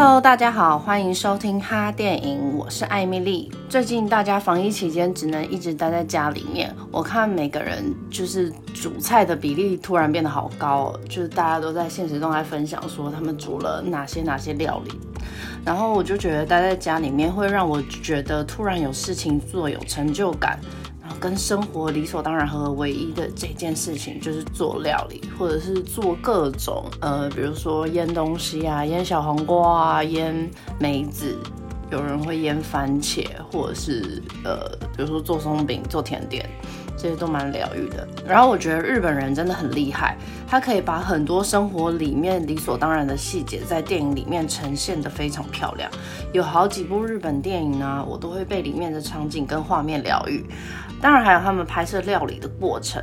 Hello，大家好，歡迎收聽哈電影，我是艾蜜莉。最近大家防疫期間只能一直待在家裡面，我看每個人就是煮菜的比例突然變得好高，就是大家都在現實中來分享說他們煮了哪些哪些料理，然後我就覺得待在家裡面會讓我覺得突然有事情做，有成就感。跟生活理所當然和唯一的這件事情，就是做料理，或者是做各種呃，比如說醃東西啊，醃小黃瓜啊，醃梅子，有人會醃番茄，或者是呃，比如說做鬆餅，做甜點。這些都蠻療癒的。然後我覺得日本人真的很厲害，他可以把很多生活裡面理所當然的細節，在電影裡面呈現得非常漂亮。有好幾部日本電影呢、啊，我都會被裡面的場景跟畫面療癒。當然還有他們拍攝料理的過程。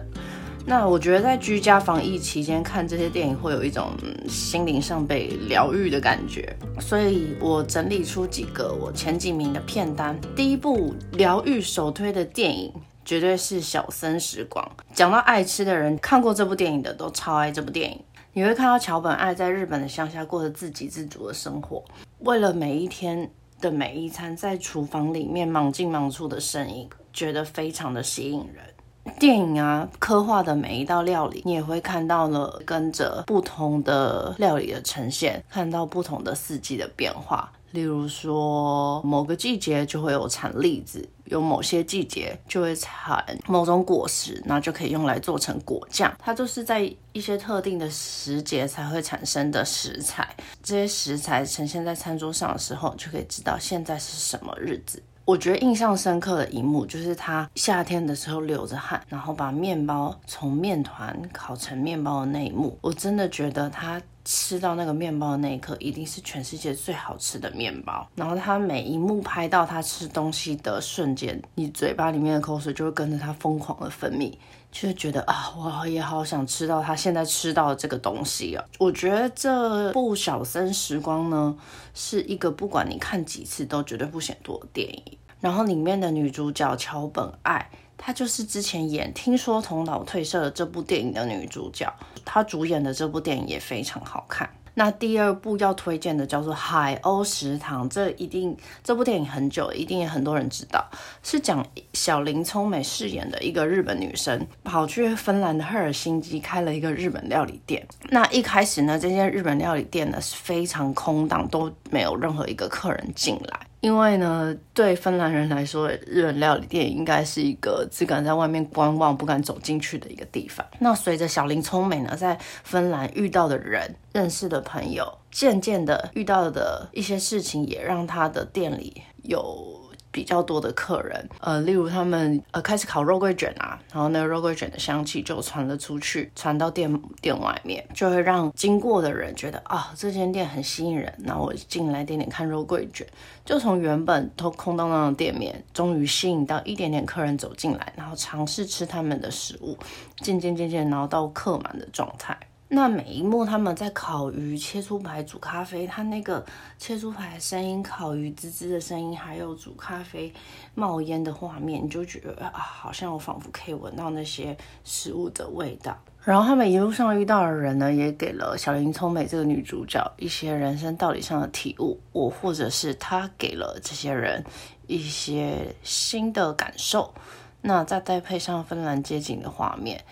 那我覺得在居家防疫期間看這些電影，會有一種心靈上被療癒的感覺。所以我整理出幾個我前幾名的片單。第一部療癒首推的電影。絕對是小森食光。講到愛吃的人，看過這部電影的都超愛這部電影。你會看到橋本愛在日本的鄉下過着自給自足的生活，為了每一天的每一餐，在廚房裡面忙進忙出的身影，覺得非常的吸引人。電影啊，刻畫的每一道料理，你也會看到了，跟着不同的料理的呈現，看到不同的四季的變化。例如說，某個季節就會有產栗子，有某些季節就會產某種果實，那就可以用來做成果醬。它就是在一些特定的時節才會產生的食材。這些食材呈現在餐桌上的時候，就可以知道現在是什麼日子。我覺得印象深刻的一幕就是他夏天的時候流着汗，然後把麵包從麵團烤成麵包的那一幕。我真的覺得他吃到那個麵包的那一刻，一定是全世界最好吃的麵包。然後他每一幕拍到他吃東西的瞬間，你嘴巴裡面的口水就會跟着他瘋狂的分泌，就是覺得啊，我也好想吃到他現在吃到的這個東西啊。我覺得這部《小森食光》呢，是一個不管你看幾次都絕對不嫌多的電影。然後裡面的女主角橋本愛，她就是之前演聽說桐島退社了這部電影的女主角，她主演的這部電影也非常好看。那第二部要推薦的叫做《海鷗食堂》，這一定這部電影很久，一定也很多人知道，是講小林聰美飾演的一個日本女生跑去芬蘭的赫爾辛基開了一個日本料理店。那一開始呢，這間日本料理店呢是非常空蕩，都沒有任何一個客人進來。因為呢，對芬蘭人來說，日本料理店應該是一個只敢在外面觀望、不敢走進去的一個地方。那隨着小林聰美呢，在芬蘭遇到的人、認識的朋友，漸漸的遇到的一些事情，也讓他的店裡有。比較多的客人，呃，例如他們呃開始烤肉桂捲啊，然後那個肉桂捲的香氣就傳了出去，傳到店店外面，就會讓經過的人覺得啊、哦，這間店很吸引人，那我進來點點看肉桂捲，就從原本都空蕩蕩的店面，終於吸引到一點點客人走進來，然後嘗試吃他們的食物，漸漸漸漸，然後到客滿的狀態。那每一幕，他們在烤魚、切豬排、煮咖啡，他那個切豬排的聲音、烤魚滋滋的聲音，還有煮咖啡冒煙的畫面，你就覺得啊，好像我仿佛可以聞到那些食物的味道。然後他們一路上遇到的人呢，也給了小林聰美這個女主角一些人生道理上的體悟，我或者是她給了這些人一些新的感受。那再再配上芬蘭街景的畫面。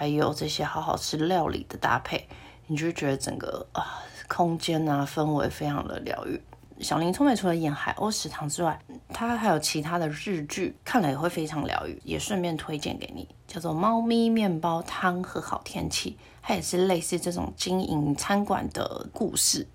還有這些好好吃料理的搭配，你就覺得整個啊空間啊氛圍非常的療癒。小林聰美除了演《海鷗食堂》之外，它還有其他的日劇，看了也會非常療癒，也順便推薦給你，叫做《貓咪面包湯和好天氣》，它也是類似這種經營餐館的故事。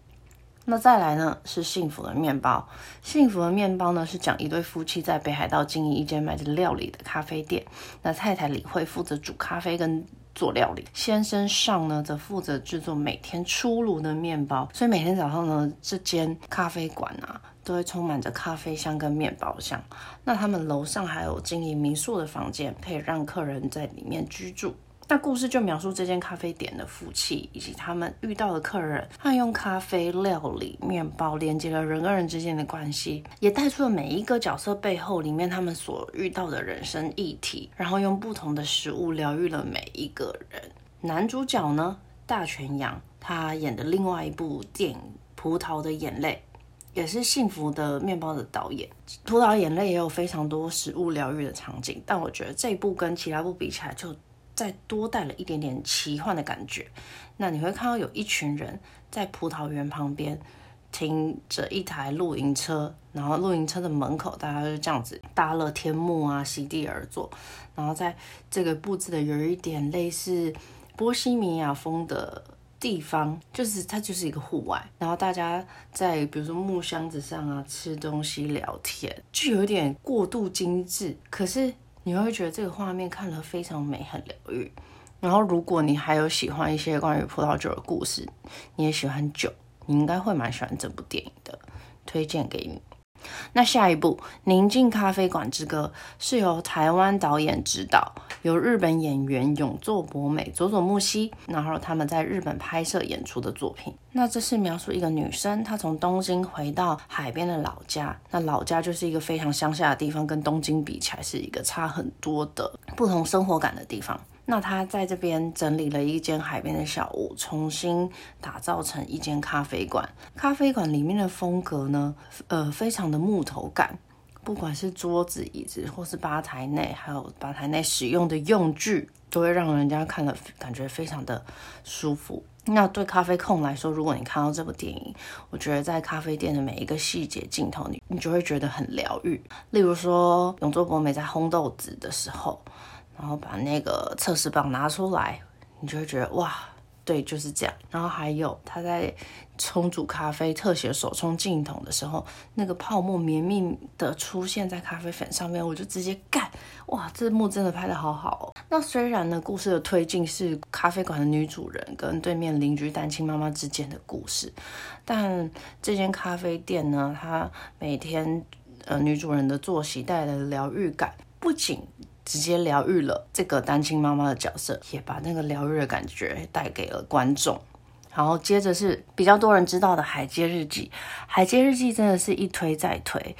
那再來呢是幸福的麵包。幸福的麵包呢是講一對夫妻在北海道經營一間賣著料理的咖啡店。那太太理惠負責煮咖啡跟做料理，先生尚呢則負責製作每天出爐的麵包。所以每天早上呢，這間咖啡館啊都會充滿着咖啡香跟麵包香。那他們樓上還有經營民宿的房間，可以讓客人在裡面居住。那故事就描述這間咖啡店的夫妻以及他們遇到的客人，他用咖啡、料理、麵包連接了人跟人之間的關係，也帶出了每一個角色背後裡面他們所遇到的人生議題，然後用不同的食物療癒了每一個人。男主角呢，大泉洋，他演的另外一部電影《葡萄的眼淚》也是《幸福的麵包》的導演，《葡萄眼淚》也有非常多食物療癒的場景，但我覺得這一部跟其他部比起來就。再多帶了一點點奇幻的感覺，那你會看到有一群人在葡萄園旁邊停着一台露營車，然後露營車的門口大家就這樣子搭了天幕啊，席地而坐，然後在這個布置的有一點類似波西米亞風的地方，就是它就是一個戶外，然後大家在比如說木箱子上啊吃東西聊天，就有一點過度精緻，可是。你會覺得這個畫面看了非常美，很療癒。然後，如果你還有喜歡一些關於葡萄酒的故事，你也喜歡酒，你應該會蠻喜歡這部電影的，推薦給你。那下一部《寧靜咖啡館之歌》是由台灣導演執導。由日本演員永作博美、佐佐木希，然後他們在日本拍攝演出的作品。那這是描述一個女生，她從東京回到海邊的老家。那老家就是一個非常鄉下的地方，跟東京比起來是一個差很多的不同生活感的地方。那她在這邊整理了一間海邊的小屋，重新打造成一間咖啡館。咖啡館裡面的風格呢，呃，非常的木頭感。不管是桌子、椅子，或是吧台內，還有吧台內使用的用具，都會讓人家看了感覺非常的舒服。那對咖啡控來說，如果你看到這部電影，我覺得在咖啡店的每一個細節鏡頭，你你就會覺得很療癒。例如說，永作博美在烘豆子的時候，然後把那個測試棒拿出來，你就會覺得哇。對，就是這樣。然後還有他在沖煮咖啡特寫手沖鏡頭的時候，那個泡沫綿密的出現在咖啡粉上面，我就直接幹！哇，這幕真的拍得好好喔。那雖然呢，故事的推進是咖啡館的女主人跟對面鄰居單親媽媽之間的故事，但這間咖啡店呢，它每天呃女主人的作息帶來的療癒感，不僅。直接療癒了這個單親媽媽的角色，也把那個療癒的感覺帶給了觀眾。然後接着是比較多人知道的《海街日記》，《海街日記》真的是一推再推。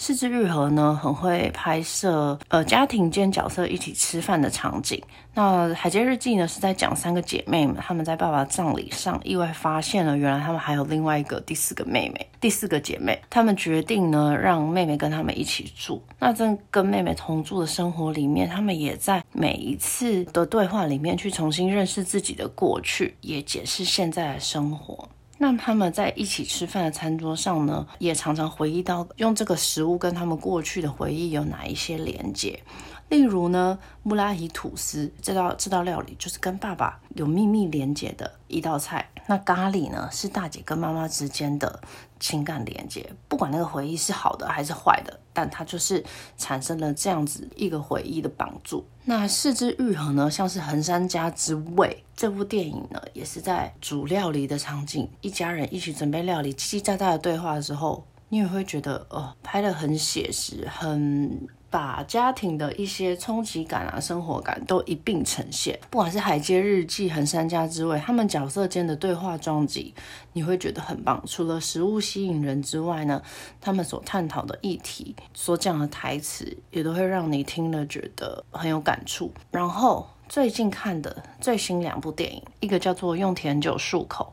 是枝裕和呢，很會拍攝呃家庭間角色一起吃飯的場景。那《海街日記》呢，是在講三個姐妹們，他們在爸爸的葬禮上意外發現了原來他們還有另外一個第四個妹妹，第四個姐妹。他們決定呢，讓妹妹跟他們一起住。那在跟妹妹同住的生活裡面，他們也在每一次的對話裡面去重新認識自己的過去，也解釋現在的生活。那他們在一起吃飯的餐桌上呢，也常常回憶到用這個食物跟他們過去的回憶有哪一些連接。例如呢，穆拉伊吐司這道這道料理就是跟爸爸有秘密連接的一道菜。那咖喱呢，是大姐跟媽媽之間的情感連接。不管那個回憶是好的還是壞的，但它就是產生了這樣子一個回憶的幫助。那四肢愈合呢，像是橫山家之味這部電影呢，也是在煮料理的場景，一家人一起準備料理，嘰嘰喳喳的對話之後，你也會覺得哦、呃，拍得很寫實，很。把家庭的一些衝擊感啊、生活感都一併呈現，不管是《海街日記》和《橫山家之味》，他們角色間的對話撞擊，你會覺得很棒。除了食物吸引人之外呢，他們所探討的議題、所講的台詞，也都會讓你聽了覺得很有感觸。然後最近看的最新兩部電影，一個叫做《用甜酒漱口》，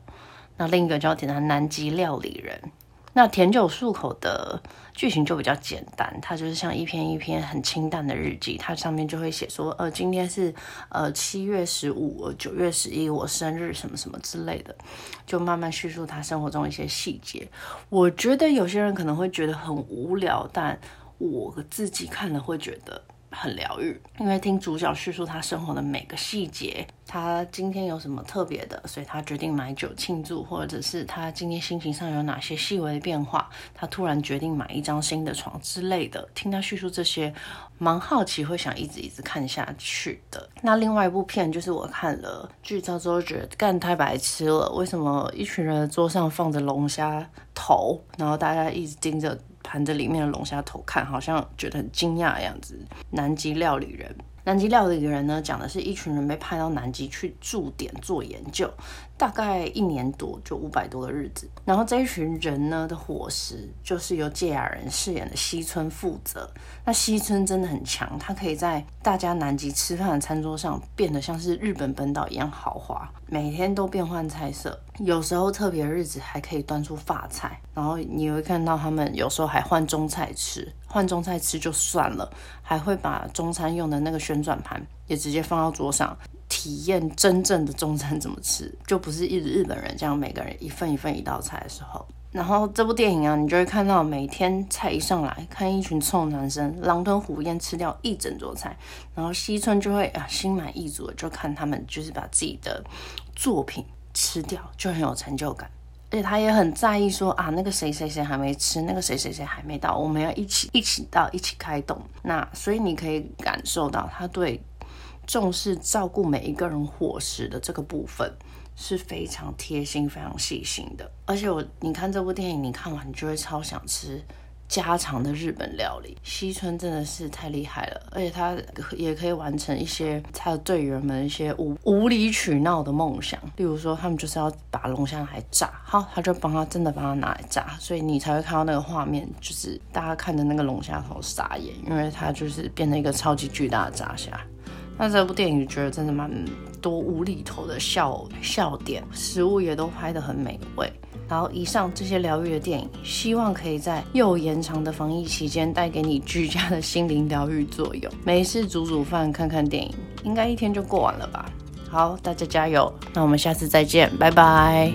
那另一個叫做《南極料理人》。那甜酒漱口的劇情就比較簡單，它就是像一篇一篇很清淡的日記，它上面就會寫說，呃，今天是呃七月十五，九月十一，我生日什麼什麼之類的，就慢慢敘述他生活中一些細節。我覺得有些人可能會覺得很無聊，但我自己看了會覺得。很療癒，因為聽主角敘述他生活的每個細節，他今天有什麼特別的，所以他決定買酒慶祝，或者是他今天心情上有哪些細微的變化，他突然決定買一張新的床之類的。聽他敘述這些，蠻好奇，會想一直一直看下去的。那另外一部片就是我看了劇照之後覺得幹太白痴了，為什麼一群人的桌上放着龍蝦頭，然後大家一直盯着？盤子裡面的龍蝦頭看，好像覺得很驚訝的樣子。南極料理人。南極料理的人呢，講的是一群人被派到南極去駐點做研究，大概一年多就五百多個日子。然後這一群人呢的伙食，就是由堺雅人飾演的西村負責。那西村真的很強，他可以在大家南極吃飯的餐桌上變得像是日本本島一樣豪華，每天都變換菜色，有時候特別日子還可以端出法菜。然後你會看到他們有時候還換中菜吃。換中菜吃就算了，還會把中餐用的那個旋轉盤也直接放到桌上，體驗真正的中餐怎麼吃，就不是一直日本人這樣每個人一份一份一道菜的時候。然後這部電影啊，你就會看到每天菜一上來，看一群臭男生狼吞虎嚥吃掉一整桌菜，然後西村就會啊心滿意足的，就看他們就是把自己的作品吃掉，就很有成就感。而且他也很在意說啊，那個誰誰誰還沒吃，那個誰誰誰還沒到，我們要一起一起到一起開動。那所以你可以感受到他對重視照顧每一個人伙食的這個部分是非常貼心，非常細心的。而且我你看這部電影，你看完你就會超想吃家常的日本料理，西村真的是太厲害了，而且他也可以完成一些他的隊員們一些無無理取鬧的夢想，例如說他們就是要把龍蝦來炸，好，他就幫他真的幫他拿來炸，所以你才會看到那個畫面，就是大家看着那個龍蝦頭傻眼，因為它就是變成一個超級巨大的炸蝦。那這部電影覺得真的蠻多無厘頭的笑笑點，食物也都拍得很美味。好，以上這些療癒的電影，希望可以在又延長的防疫期間，帶給你居家的心靈療癒作用。沒事煮煮飯，看看電影，應該一天就過完了吧？好，大家加油，那我們下次再見，拜拜。